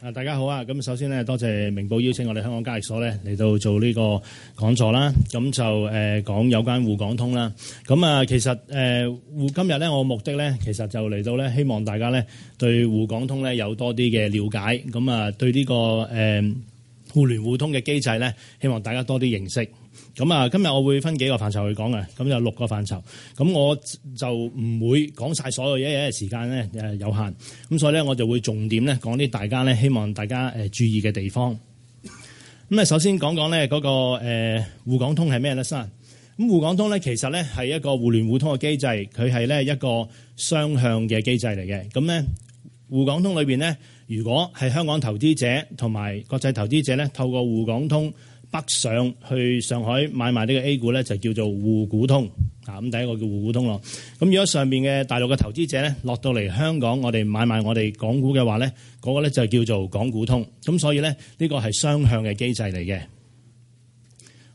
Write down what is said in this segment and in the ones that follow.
啊，大家好啊！咁首先咧，多謝明報邀請我哋香港交易所咧嚟到做呢個講座啦。咁就誒講有關滬港通啦。咁啊，其實誒，滬今日咧，我目的咧，其實就嚟到咧，希望大家咧對滬港通咧有多啲嘅了解。咁啊，對呢個誒互聯互通嘅機制咧，希望大家多啲認識。咁啊，今日我會分幾個範疇去講嘅，咁有六個範疇。咁我就唔會講晒所有嘢，因為時間咧誒有限。咁所以咧，我就會重點咧講啲大家咧希望大家誒注意嘅地方。咁啊，首先講講咧、那、嗰個誒滬港通係咩咧先？咁滬港通咧其實咧係一個互聯互通嘅機制，佢係咧一個雙向嘅機制嚟嘅。咁咧滬港通裏邊咧，如果係香港投資者同埋國際投資者咧，透過滬港通，北上去上海買賣呢個 A 股咧，就叫做滬股通，啊咁第一個叫滬股通咯。咁如果上面嘅大陸嘅投資者咧落到嚟香港，我哋買賣我哋港股嘅話咧，嗰個咧就叫做港股通。咁所以咧，呢個係雙向嘅機制嚟嘅。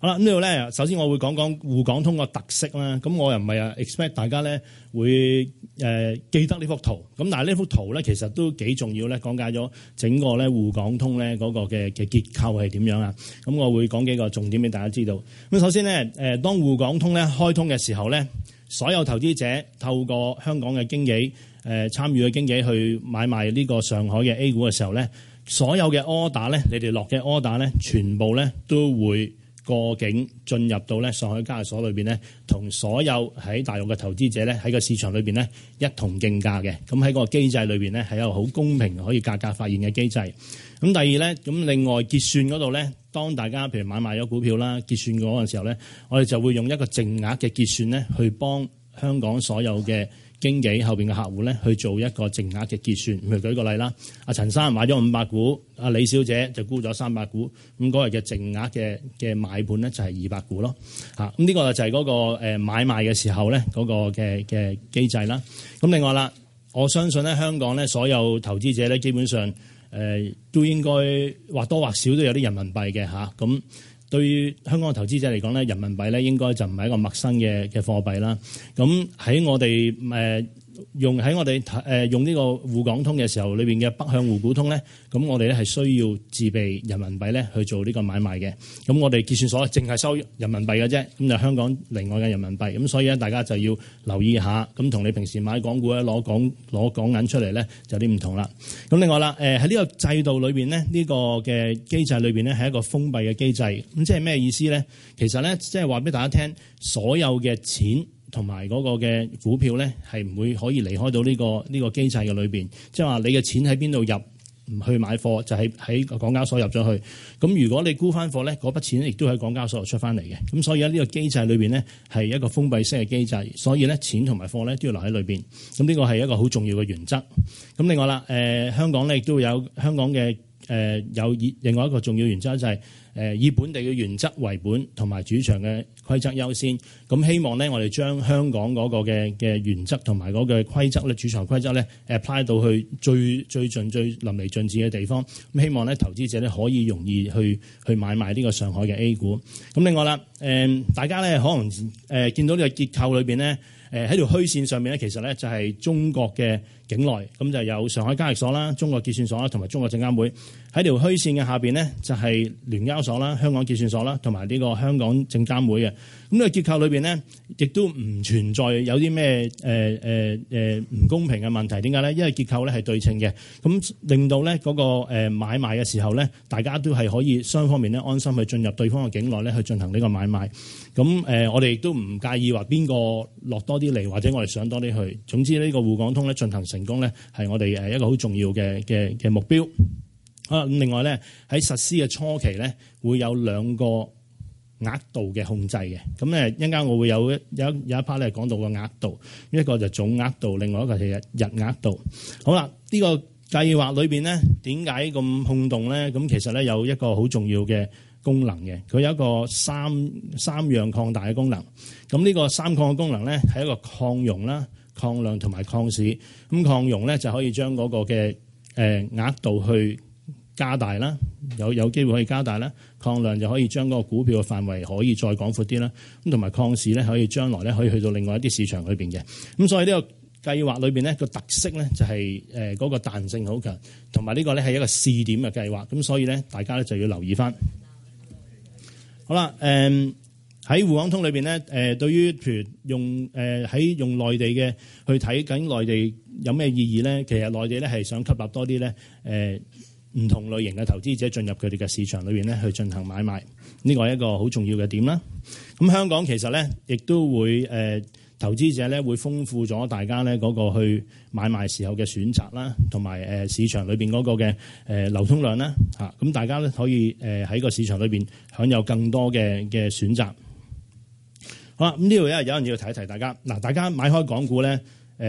啦，呢度咧，首先我會講講滬港通個特色啦。咁我又唔係啊 expect 大家咧會誒記得呢幅圖。咁但係呢幅圖咧，其實都幾重要咧，講解咗整個咧滬港通咧嗰個嘅嘅結構係點樣啊。咁我會講幾個重點俾大家知道。咁首先咧，誒當滬港通咧開通嘅時候咧，所有投資者透過香港嘅經紀誒參與嘅經紀去買賣呢個上海嘅 A 股嘅時候咧，所有嘅 order 咧，你哋落嘅 order 咧，全部咧都會，過境進入到咧上海交易所裏邊咧，同所有喺大陸嘅投資者咧喺個市場裏邊咧一同競價嘅，咁喺個機制裏邊咧係一個好公平，可以價格發現嘅機制。咁第二咧，咁另外結算嗰度咧，當大家譬如買賣咗股票啦，結算嗰陣時候咧，我哋就會用一個淨額嘅結算咧去幫香港所有嘅。經紀後邊嘅客戶咧去做一個淨額嘅結算，譬如舉個例啦，阿陳生買咗五百股，阿李小姐就沽咗三百股，咁嗰日嘅淨額嘅嘅買盤咧就係二百股咯。嚇，咁呢個就係嗰個誒買賣嘅時候咧嗰個嘅嘅機制啦。咁另外啦，我相信咧香港咧所有投資者咧基本上誒都應該或多或少都有啲人民幣嘅嚇咁。對於香港投資者嚟講咧，人民幣咧應該就唔係一個陌生嘅嘅貨幣啦。咁喺我哋誒。用喺我哋誒用呢個滬港通嘅時候，裏邊嘅北向滬股通咧，咁我哋咧係需要自備人民幣咧去做呢個買賣嘅。咁我哋結算所淨係收人民幣嘅啫，咁就香港另外嘅人民幣。咁所以咧，大家就要留意下，咁同你平時買港股咧攞港攞港銀出嚟咧就有啲唔同啦。咁另外啦，誒喺呢個制度裏邊呢，呢個嘅機制裏邊咧係一個封閉嘅機制。咁即係咩意思咧？其實咧，即係話俾大家聽，所有嘅錢。同埋嗰個嘅股票咧，係唔會可以離開到呢個呢個機制嘅裏面。即係話你嘅錢喺邊度入唔去買貨，就係喺港交所入咗去。咁如果你沽翻貨咧，嗰筆錢亦都喺港交所出翻嚟嘅。咁所以喺呢個機制裏面咧，係一個封閉式嘅機制，所以咧錢同埋貨咧都要留喺裏面。咁呢個係一個好重要嘅原則。咁另外啦、呃，香港咧亦都會有香港嘅。誒有以另外一個重要原則就係，誒以本地嘅原則為本，同埋主場嘅規則優先。咁希望咧，我哋將香港嗰個嘅嘅原則同埋嗰個規則咧，主場規則咧 apply 到去最最盡最淋漓盡致嘅地方。咁希望咧，投資者咧可以容易去去買賣呢個上海嘅 A 股。咁另外啦，誒大家咧可能誒見到呢個結構裏面呢，喺條虛線上面咧，其實咧就係中國嘅。境內咁就有上海交易所啦、中國結算所啦，同埋中國證監會。喺條虛線嘅下邊咧，就係聯交所啦、香港結算所啦，同埋呢個香港證監會嘅。咁呢個結構裏邊咧，亦都唔存在有啲咩誒誒誒唔公平嘅問題。點解咧？因為結構咧係對稱嘅，咁令到咧嗰個誒買賣嘅時候咧，大家都係可以雙方面咧安心去進入對方嘅境內咧去進行呢個買賣。咁誒，我哋亦都唔介意話邊個落多啲嚟，或者我哋上多啲去。總之呢個滬港通咧進行成工咧係我哋誒一個好重要嘅嘅嘅目標。啊，咁另外咧喺實施嘅初期咧會有兩個額度嘅控制嘅。咁咧一陣間我會有一有一 part 咧講到個額度，一個就總額度，另外一個係日額度。好啦，呢個計劃裏邊咧點解咁轟動咧？咁其實咧有一個好重要嘅功能嘅，佢有一個三三樣擴大嘅功能。咁呢個三擴嘅功能咧係一個擴容啦。擴量同埋擴市，咁擴容咧就可以將嗰個嘅誒額度去加大啦，有有機會可以加大啦。擴量就可以將嗰個股票嘅範圍可以再廣闊啲啦，咁同埋擴市咧可以將來咧可以去到另外一啲市場裏邊嘅。咁所以呢個計劃裏邊咧個特色咧就係誒嗰個彈性好強，同埋呢個咧係一個試點嘅計劃，咁所以咧大家咧就要留意返。好啦，誒、嗯。喺滬港通裏邊咧，誒對於譬如用誒喺、呃、用內地嘅去睇緊內地有咩意義咧？其實內地咧係想吸納多啲咧誒唔同類型嘅投資者進入佢哋嘅市場裏邊咧去進行買賣，呢個係一個好重要嘅點啦。咁、嗯、香港其實咧亦都會誒、呃、投資者咧會豐富咗大家咧嗰個去買賣時候嘅選擇啦，同埋誒市場裏邊嗰個嘅誒、呃、流通量啦嚇。咁、啊、大家咧可以誒喺個市場裏邊享有更多嘅嘅選擇。好啦，咁呢度有人要提一提大家。嗱，大家買開港股咧，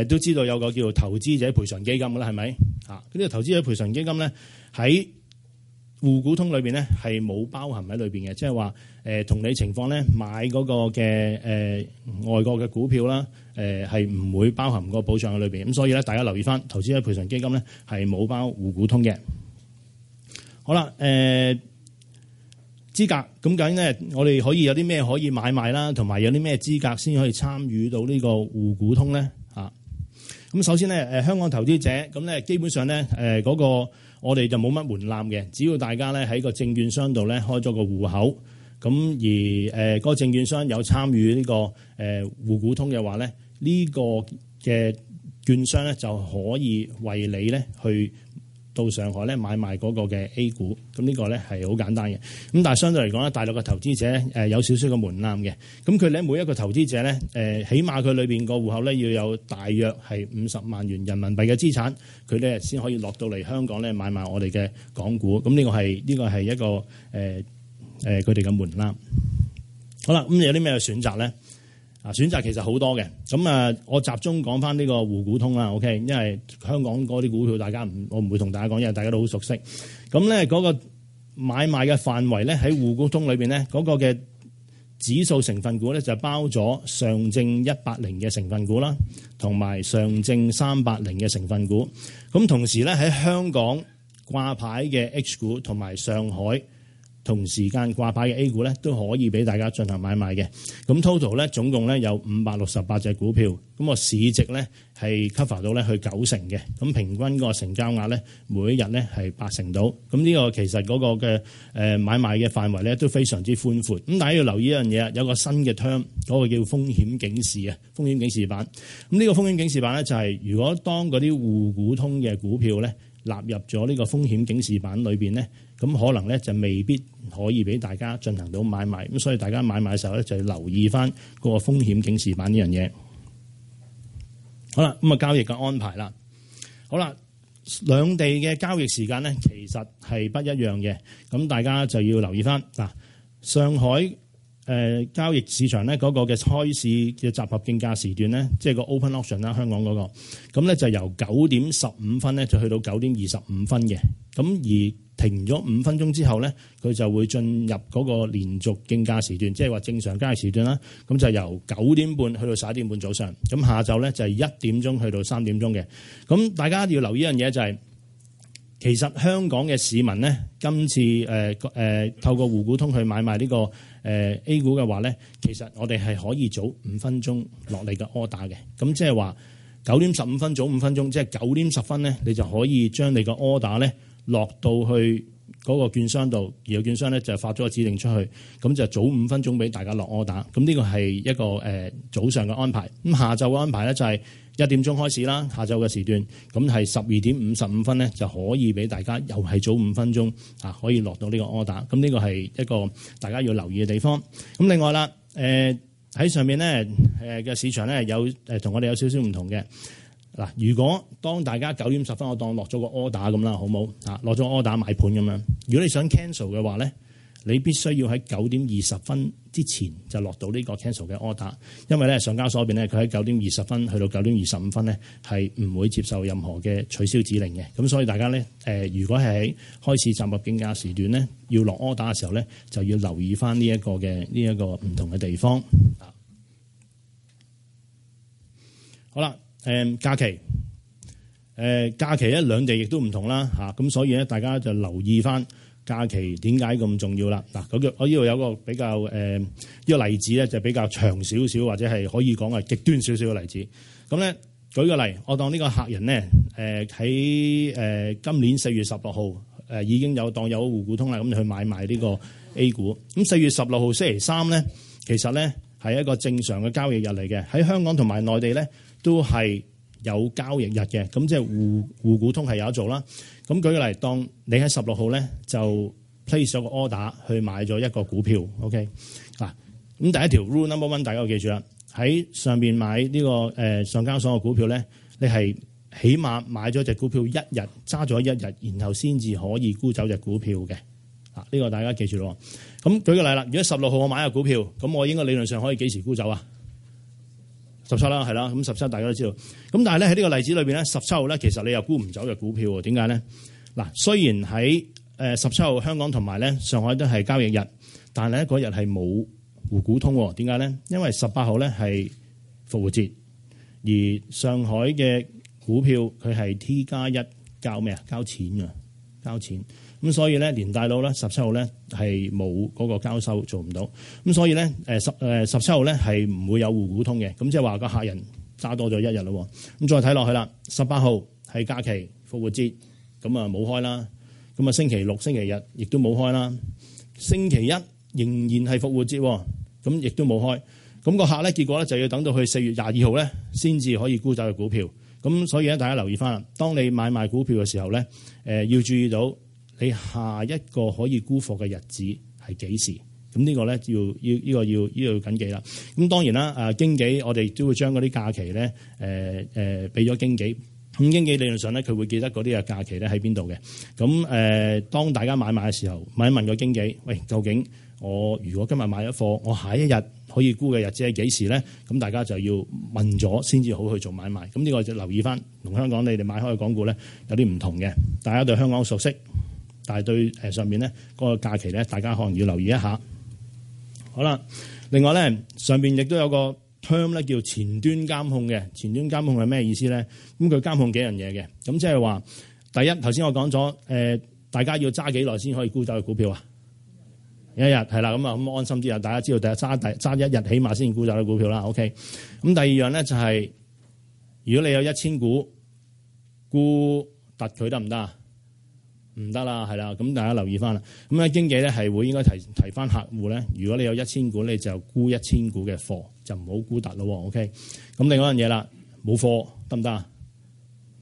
都知道有個叫做投資者賠償基金啦，係咪？呢個投資者賠償基金咧喺滬股通裏面咧係冇包含喺裏面嘅，即係話同你情況咧買嗰個嘅外國嘅股票啦，係唔會包含個保障喺裏面。咁所以咧，大家留意返，投資者賠償基金咧係冇包滬股通嘅、就是。好啦，呃資格咁緊咧，究竟我哋可以有啲咩可以買賣啦，同埋有啲咩資格先可以參與到呢個滬股通咧？嚇！咁首先咧，香港投資者咁咧，基本上咧，嗰個我哋就冇乜門檻嘅，只要大家咧喺個證券商度咧開咗個戶口，咁而嗰個證券商有參與呢個誒滬股通嘅話咧，呢個嘅券商咧就可以為你咧去到上海咧買賣嗰個嘅 A 股，咁、這、呢個咧係好簡單嘅。咁但係相對嚟講咧，大陸嘅投資者誒有少少嘅門檻嘅。咁佢咧每一個投資者咧誒起碼佢裏面個戶口咧要有大約係五十萬元人民幣嘅資產，佢咧先可以落到嚟香港咧買賣我哋嘅港股。咁、這、呢個係呢個係一個誒佢哋嘅門檻。好啦，咁有啲咩選擇咧？啊，選擇其實好多嘅，咁啊，我集中講返呢個滬股通啦，OK，因為香港嗰啲股票大家唔，我唔會同大家講，因為大家都好熟悉。咁咧嗰個買賣嘅範圍咧喺滬股通裏面咧，嗰、嗰個嘅指數成分股咧就包咗上證一八零嘅成分股啦，同埋上證三八零嘅成分股。咁同時咧喺香港掛牌嘅 H 股同埋上海同時間掛牌嘅 A 股咧都可以俾大家進行買賣嘅。咁 total 咧總共咧有五百六十八隻股票，咁個市值咧係 cover 到咧去九成嘅。咁平均個成交額咧每一日咧係八成到。咁呢個其實嗰個嘅誒買賣嘅範圍咧都非常之寬闊。咁大家要留意一樣嘢，有個新嘅 term，嗰個叫風險警示呀風險警示板。咁呢個風險警示板咧就係如果當嗰啲滬股通嘅股票咧納入咗呢個風險警示板裏邊咧。咁可能咧就未必可以俾大家進行到買賣，咁所以大家買賣嘅時候咧就要留意翻個風險警示板呢樣嘢。好啦，咁啊交易嘅安排啦。好啦，兩地嘅交易時間咧其實係不一樣嘅，咁大家就要留意翻嗱。上海誒交易市場咧嗰個嘅開市嘅集合競價時段咧，即係個 open auction 啦，香港嗰個咁咧就由九點十五分咧就去到九點二十五分嘅咁而。停咗五分鐘之後咧，佢就會進入嗰個連續競價時段，即係話正常交易時段啦。咁就由九點半去到十一點半早上，咁下晝咧就係一點鐘去到三點鐘嘅。咁大家要留意一樣嘢就係、是，其實香港嘅市民咧，今次、呃呃、透過滬股通去買賣呢個 A 股嘅話咧，其實我哋係可以早五分鐘落嚟嘅 order 嘅。咁即係話九點十五分早五分鐘，即係九點十分咧，你就可以將你個 order 咧。落到去嗰個券商度，而個券商咧就發咗個指令出去，咁就早五分鐘俾大家落 order。咁呢個係一個早上嘅安排。咁下晝嘅安排咧就係一點鐘開始啦。下晝嘅時段，咁係十二點五十五分咧就可以俾大家又係早五分鐘啊，可以落到呢個 order。咁呢個係一個大家要留意嘅地方。咁另外啦，喺上面咧嘅市場咧有誒同我哋有少少唔同嘅。嗱，如果當大家九點十分，我當落咗個 order 咁好啦好，好冇啊？落咗 order 買盤咁樣。如果你想 cancel 嘅話咧，你必須要喺九點二十分之前就落到呢個 cancel 嘅 order，因為咧上交所邊咧佢喺九點二十分去到九點二十五分咧係唔會接受任何嘅取消指令嘅。咁所以大家咧誒，如果係喺開始進入競價時段咧，要落 order 嘅時候咧，就要留意翻呢一個嘅呢一個唔同嘅地方啊。好啦。誒、嗯、假期，誒、呃、假期咧兩地亦都唔同啦咁、啊、所以咧大家就留意翻假期點解咁重要啦嗱。叫、啊、我呢度有個比較誒呢、呃這個例子咧，就比較長少少或者係可以講係極端少少嘅例子。咁咧舉個例，我當呢個客人咧誒喺今年四月十六號誒已經有當有滬港通啦，咁就去買賣呢個 A 股。咁四月十六號星期三咧，其實咧係一個正常嘅交易日嚟嘅喺香港同埋內地咧。都係有交易日嘅，咁即係滬，滬股通係有得做啦。咁舉個例，當你喺十六號咧就 place 咗個 order 去買咗一個股票，OK 嗱。咁第一條 rule number one 大家要記住啦，喺上邊買呢、呢個、呃、上交所嘅股票咧，你係起碼買咗隻股票一日揸咗一日，然後先至可以沽走隻股票嘅。啊，呢個大家記住咯。咁舉個例啦，如果十六號我買入股票，咁我應該理論上可以幾時沽走啊？十七啦，係啦，咁十七大家都知道。咁但係咧喺呢個例子裏邊咧，十七號咧其實你又沽唔走嘅股票喎？點解咧？嗱，雖然喺誒十七號香港同埋咧上海都係交易日，但係咧嗰日係冇滬股通喎？點解咧？因為十八號咧係復活節，而上海嘅股票佢係 T 加一交咩啊？交錢㗎。交錢咁，所以咧連帶到咧十七號咧係冇嗰個交收做唔到，咁所以咧誒十誒十七號咧係唔會有滬港通嘅，咁即係話個客人揸多咗一日咯，咁再睇落去啦，十八號係假期復活節，咁啊冇開啦，咁啊星期六星期日亦都冇開啦，星期一仍然係復活節，咁亦都冇開，咁個客咧結果咧就要等到去四月廿二號咧先至可以沽走嘅股票。咁所以咧，大家留意翻啦。當你買賣股票嘅時候咧，誒要注意到你下一個可以沽貨嘅日子係幾時，咁、呢、呢個咧要、呢個、要呢、呢個、要呢、呢個要謹記啦。咁當然啦，誒經紀我哋都會將嗰啲假期咧，誒誒俾咗經紀。咁、呃呃、經、經紀理論上咧，佢會記得嗰啲嘅假期咧喺邊度嘅。咁誒、呃，當大家買賣嘅時候，問一問一個經紀，喂，究竟我如果今日買咗貨，我下一日可以沽嘅日子係幾時咧？咁大家就要問咗先至好去做買賣。咁、這、呢個就留意翻同香港你哋買開嘅港股咧有啲唔同嘅。大家對香港熟悉，但係對上面咧嗰個假期咧，大家可能要留意一下。好啦，另外咧上面亦都有個 term 咧叫前端監控嘅。前端監控係咩意思咧？咁佢監控幾樣嘢嘅。咁即係話第一頭先我講咗大家要揸幾耐先可以沽到嘅股票啊？一日係啦，咁啊咁安心啲啊，大家知道第一揸揸一日起碼先沽曬到股票啦。OK，咁第二樣咧就係、係、如果你有一千股沽突佢得唔得啊？唔得啦，係啦，咁大家留意翻啦。咁咧經紀咧係會應該提提翻客戶咧。如果你有一千股，你就沽一千股嘅貨，就唔好沽突咯。OK，咁另外一樣嘢啦，冇貨得唔得啊？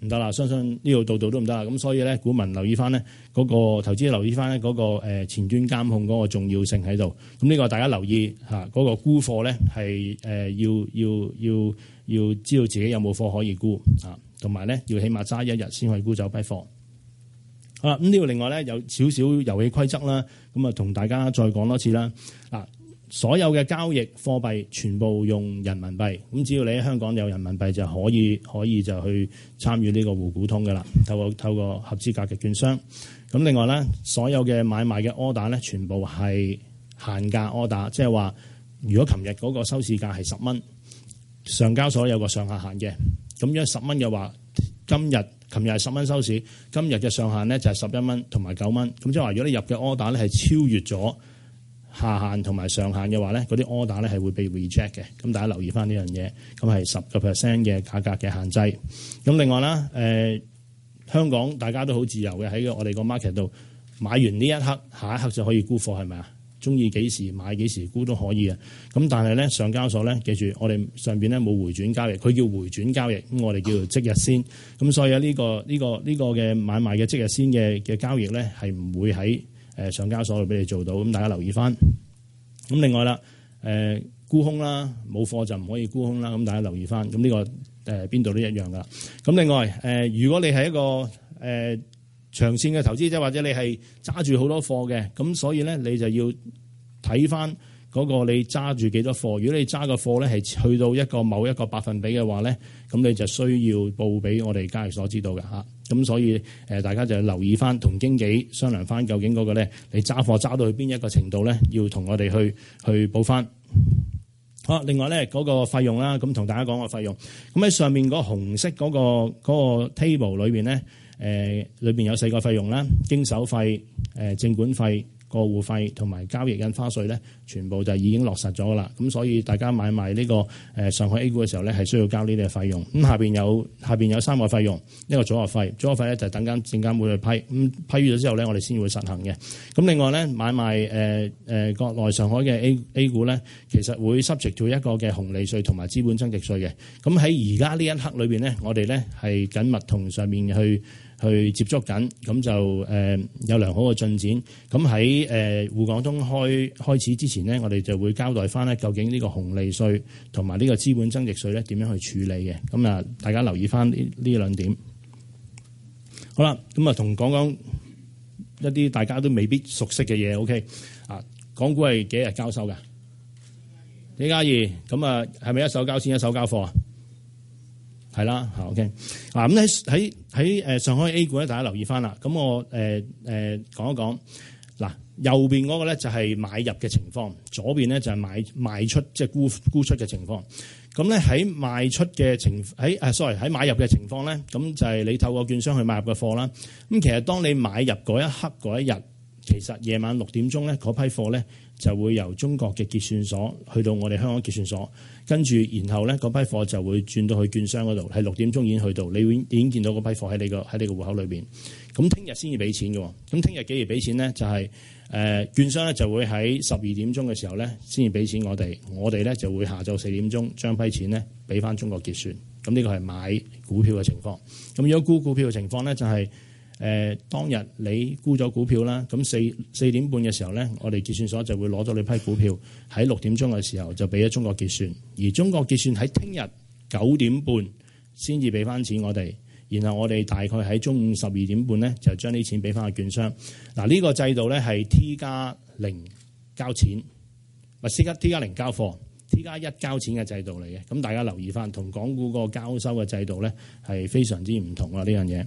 唔得啦，相信呢度度度都唔得啦，咁所以咧，股民留意翻咧嗰個投資，留意翻咧嗰個誒前端監控嗰個重要性喺度。咁呢個大家留意吓，嗰、那個沽貨咧係誒要要要要知道自己有冇貨可以沽啊，同埋咧要起碼揸一日先可以沽走批貨。好啦，咁呢度另外咧有少少遊戲規則啦，咁啊同大家再講多次啦啊。所有嘅交易貨幣全部用人民幣，咁只要你喺香港有人民幣就可以，可以就去參與呢個滬股通㗎啦。透過透過合資格嘅券商。咁另外咧，所有嘅買賣嘅 order 咧，全部係限價 order，即係話如果琴日嗰個收市價係十蚊，上交所有個上下限嘅，咁樣十蚊嘅話，今日琴日係十蚊收市，今日嘅上限咧就係十一蚊同埋九蚊。咁即係話，如果你入嘅 order 咧係超越咗。下限同埋上限嘅話咧，嗰啲 order 咧係會被 reject 嘅。咁大家留意翻呢樣嘢。咁係十個 percent 嘅價格嘅限制。咁另外啦、呃，香港大家都好自由嘅喺我哋個 market 度買完呢一刻，下一刻就可以沽貨，係咪啊？中意幾時買幾時沽都可以啊。咁但係咧，上交所咧，記住我哋上面咧冇回轉交易，佢叫回轉交易，咁我哋叫做即日先。咁所以呢個呢個呢個嘅買賣嘅即日先嘅嘅交易咧，係唔會喺。誒上交所會俾你做到，咁大家留意翻。咁另外啦，誒沽空啦，冇貨就唔可以沽空啦，咁大家留意翻。咁、這、呢個誒邊度都一樣噶。咁另外誒，如果你係一個誒、呃、長線嘅投資者，或者你係揸住好多貨嘅，咁所以咧你就要睇翻。嗰個你揸住幾多貨？如果你揸個貨咧係去到一個某一個百分比嘅話咧，咁你就需要報俾我哋交易所知道嘅嚇。咁所以大家就要留意翻，同經紀商量翻，究竟嗰個咧你揸貨揸到去邊一個程度咧，要同我哋去去報翻。好，另外咧嗰個費用啦，咁同大家講個費用。咁喺上面嗰紅色嗰個嗰個 table 裏邊咧，誒裏面有四個費用啦，經手費、誒證管費。過戶費同埋交易印花稅咧，全部就已經落實咗噶啦。咁所以大家買賣呢個誒上海 A 股嘅時候咧，係需要交呢啲嘅費用。咁下面有下邊有三個費用，呢個組合費，組合費咧就等緊證監會去批。咁批咗之後咧，我哋先會實行嘅。咁另外咧買賣誒誒國內上海嘅 A A 股咧，其實會 subject to 一個嘅紅利稅同埋資本增值稅嘅。咁喺而家呢一刻裏面咧，我哋咧係緊密同上面去。去接觸緊，咁就誒、呃、有良好嘅進展。咁喺誒滬港通開,開始之前呢，我哋就會交代翻咧，究竟呢個紅利稅同埋呢個資本增值稅咧點樣去處理嘅。咁啊，大家留意翻呢呢兩點。好啦，咁啊，同講講一啲大家都未必熟悉嘅嘢。OK，啊，港股係幾日交收㗎？李嘉義，咁啊，係咪一手交錢一手交貨啊？係啦，嚇，OK。嗱，咁喺喺喺誒上海 A 股咧，大家留意翻啦。咁我誒誒講一講，嗱，右邊嗰個咧就係買入嘅情況，左邊咧就係買賣出即係沽沽出嘅情況。咁咧喺賣出嘅情喺誒，sorry，喺買入嘅情況咧，咁就係、是、你透過券商去買入嘅貨啦。咁其實當你買入嗰一刻嗰一日。其實夜晚六點鐘咧，嗰批貨咧就會由中國嘅結算所去到我哋香港結算所，跟住然後咧嗰批貨就會轉到去券商嗰度，係六點鐘已經去到，你已經見到嗰批貨喺你個喺你個戶口裏邊。咁聽日先要俾錢嘅、就是，咁聽日幾時俾錢咧？就係誒券商咧就會喺十二點鐘嘅時候咧先至俾錢我哋，我哋咧就會下晝四點鐘將批錢咧俾翻中國結算。咁呢個係買股票嘅情況。咁如果沽股票嘅情況咧就係、是。誒，當日你沽咗股票啦，咁四四點半嘅時候咧，我哋結算所就會攞咗你批股票，喺六點鐘嘅時候就俾咗中國結算，而中國結算喺聽日九點半先至俾翻錢我哋，然後我哋大概喺中午十二點半咧就將啲錢俾翻個券商。嗱，呢個制度咧係 T 加零交，交，交錢，咪即刻 T 加零交貨，T 加一交錢嘅制度嚟嘅。咁大家留意翻，同港股個交收嘅制度咧係非常之唔同啊！呢樣嘢。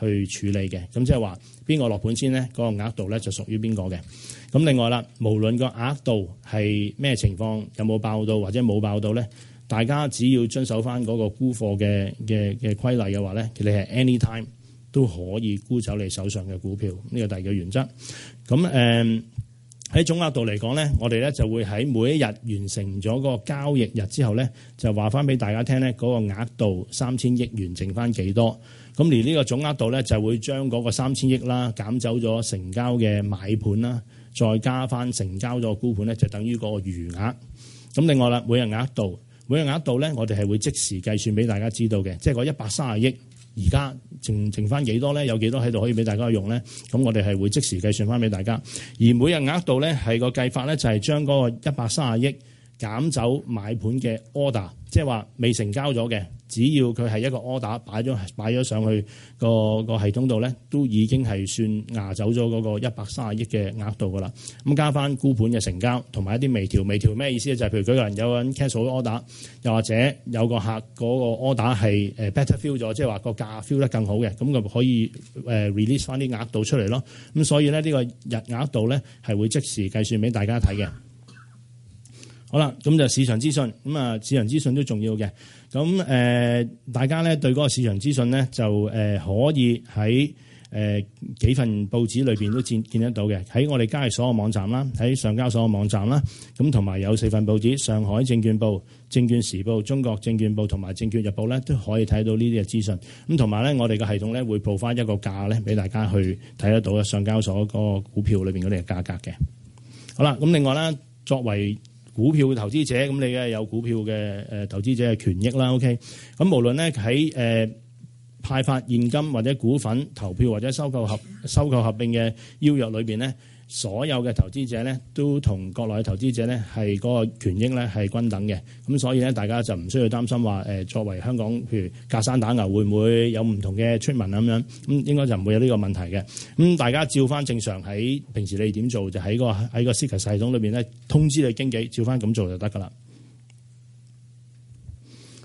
去處理嘅，咁即係話邊個落盤先咧？嗰、那個額度咧就屬於邊個嘅？咁另外啦，無論個額度係咩情況，有冇爆到或者冇爆到咧，大家只要遵守翻嗰個沽貨嘅嘅嘅規例嘅話咧，其實你係 anytime 都可以沽走你手上嘅股票。呢個第二個原則。咁喺、嗯、總額度嚟講咧，我哋咧就會喺每一日完成咗個個交易日之後咧，就話翻俾大家聽咧，嗰、那個額度三千億元剩翻幾多？咁而呢個總額度咧，就會將嗰個三千億啦減走咗成交嘅買盤啦，再加翻成交咗沽盤咧，就等於嗰個餘額。咁另外啦，每日額度每日額度咧，我哋係會即時計算俾大家知道嘅，即係個一百三十億，而家剩剩翻幾多咧？有幾多喺度可以俾大家用咧？咁我哋係會即時計算翻俾大家。而每日額度咧係個計法咧，就係將嗰個一百三十億，減走買盤嘅 order，即係話未成交咗嘅，只要佢係一個 order 擺咗擺咗上去個系統度咧，都已經係算壓走咗嗰個一百三十億嘅額度噶啦。咁加翻沽盤嘅成交，同埋一啲微調，微調咩意思咧？就係譬如舉個人有人 cancel order，又或者有個客嗰個 order 係 better fill 咗，即係話個價 fill 得更好嘅，咁佢可以 release 翻啲額度出嚟咯。咁所以咧呢個日額度咧係會即時計算俾大家睇嘅。好啦，咁就市場資訊咁啊，市場資訊都重要嘅。咁誒，大家咧對嗰個市場資訊咧，就誒可以喺誒幾份報紙裏面都見見得到嘅。喺我哋交易所嘅網站啦，喺上交所嘅網站啦，咁同埋有四份報紙，《上海證券報》、《證券時報》、《中國證券報》同埋《證券日報》咧，都可以睇到呢啲嘅資訊。咁同埋咧，我哋嘅系統咧會報翻一個價咧俾大家去睇得到嘅上交所嗰個股票裏面嗰啲嘅價格嘅。好啦，咁另外咧，作為股票投資者，咁你梗係有股票嘅誒投資者嘅權益啦。OK，咁無論咧喺誒派發現金或者股份投票或者收購合收購合併嘅邀約裏邊咧。所有嘅投資者咧，都同國內嘅投資者咧，係嗰個權益咧係均等嘅。咁所以咧，大家就唔需要擔心話誒，作為香港譬如隔山打牛，會唔會有唔同嘅 treatment。咁樣？咁應該就唔會有呢個問題嘅。咁大家照翻正常喺平時你點做，就喺個喺個 CCASS 系統裏邊咧通知你經紀，照翻咁做就得噶啦。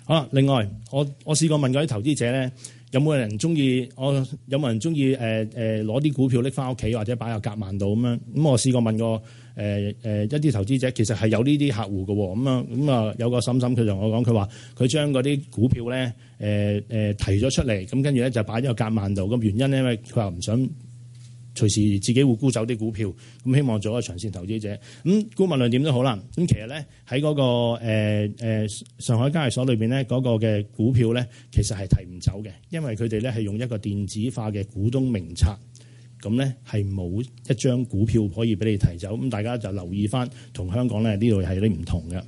好啦，另外我我試過問過啲投資者咧。有冇人中意？我有冇人中意？誒、呃、誒，攞、呃、啲股票拎翻屋企，或者擺入夾萬度咁樣。咁我試過問過誒誒、呃呃、一啲投資者，其實係有呢啲客戶嘅喎。咁啊咁啊，有個嬸嬸，佢同我講，佢話佢將嗰啲股票咧誒、呃呃、提咗出嚟，咁跟住咧就擺喺個夾萬度。咁原因咧，因為佢話唔想。隨時自己會沽走啲股票，咁希望做一個長線投資者。咁姑勿論點都好啦。咁其實咧喺嗰個誒、呃、上海交易所裏面咧，嗰、嗰個嘅股票咧其實係提唔走嘅，因為佢哋咧係用一個電子化嘅股東名冊，咁咧係冇一張股票可以俾你提走。咁大家就留意返，同香港咧呢度係有啲唔同嘅。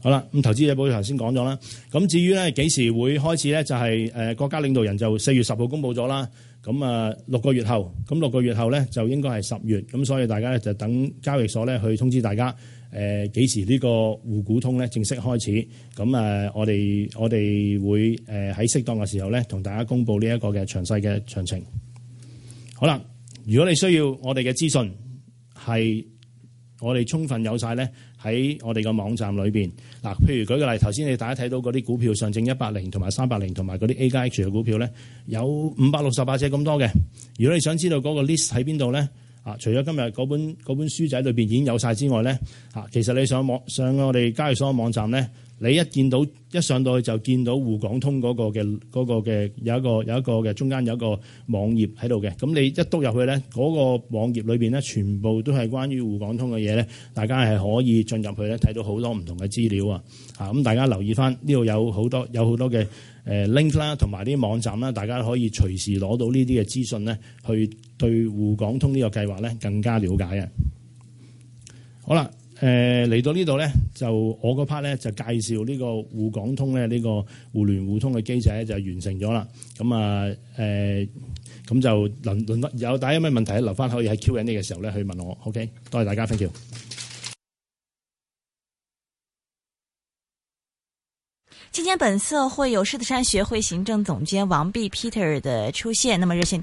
好啦，咁投資者保障頭先講咗啦。咁至於咧幾時會開始咧，就係、誒、國家領導人就四月十號公佈咗啦。咁啊，六個月後，咁六個月後咧就應該係十月，咁所以大家咧就等交易所咧去通知大家，誒，幾時呢個滬股通咧正式開始，咁啊，我哋我哋會誒，喺適當嘅時候咧，同大家公布呢一個嘅詳細嘅詳情。好啦，如果你需要我哋嘅資訊，係我哋充分有曬咧。喺我哋嘅網站裏邊，嗱，譬如舉個例，頭先你大家睇到嗰啲股票，上證一百零同埋三百零同埋嗰啲 A 加 H 嘅股票咧，有五百六十八隻咁多嘅。如果你想知道嗰個 list 喺邊度咧，啊，除咗今日嗰本本書仔裏邊已經有晒之外咧，啊，其實你上網上我哋交易所嘅網站咧。你一見到一上到去就見到滬港通嗰個嘅嗰個嘅有一個有一個嘅中間有一個網頁喺度嘅，咁你一督入去咧，嗰個網頁裏邊咧，全部都係關於滬港通嘅嘢咧，大家係可以進入去咧睇到好多唔同嘅資料啊！啊，咁大家留意翻呢度有好多有好多嘅誒 link 啦，同埋啲網站啦，大家可以隨時攞到呢啲嘅資訊咧，去對滬港通呢個計劃咧更加了解啊。好啦。誒、呃、嚟到呢度咧，就我 part 咧就介紹呢個滬港通咧，呢、這個互聯互通嘅機制咧就完成咗啦。咁啊誒咁、呃、就輪輪有大家有咩問題留返可以喺 Q&A 嘅時候咧去問我。OK，多謝大家 thank you. 今天本次會有獅子山學會行政總監王弼 Peter 的出現，那麼熱線電話。